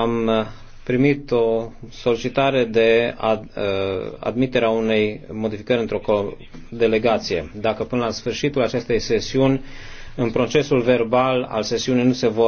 am uh, primit o solicitare de ad, uh, admiterea unei modificări într-o delegație. Dacă până la sfârșitul acestei sesiuni, în procesul verbal al sesiunii nu se vor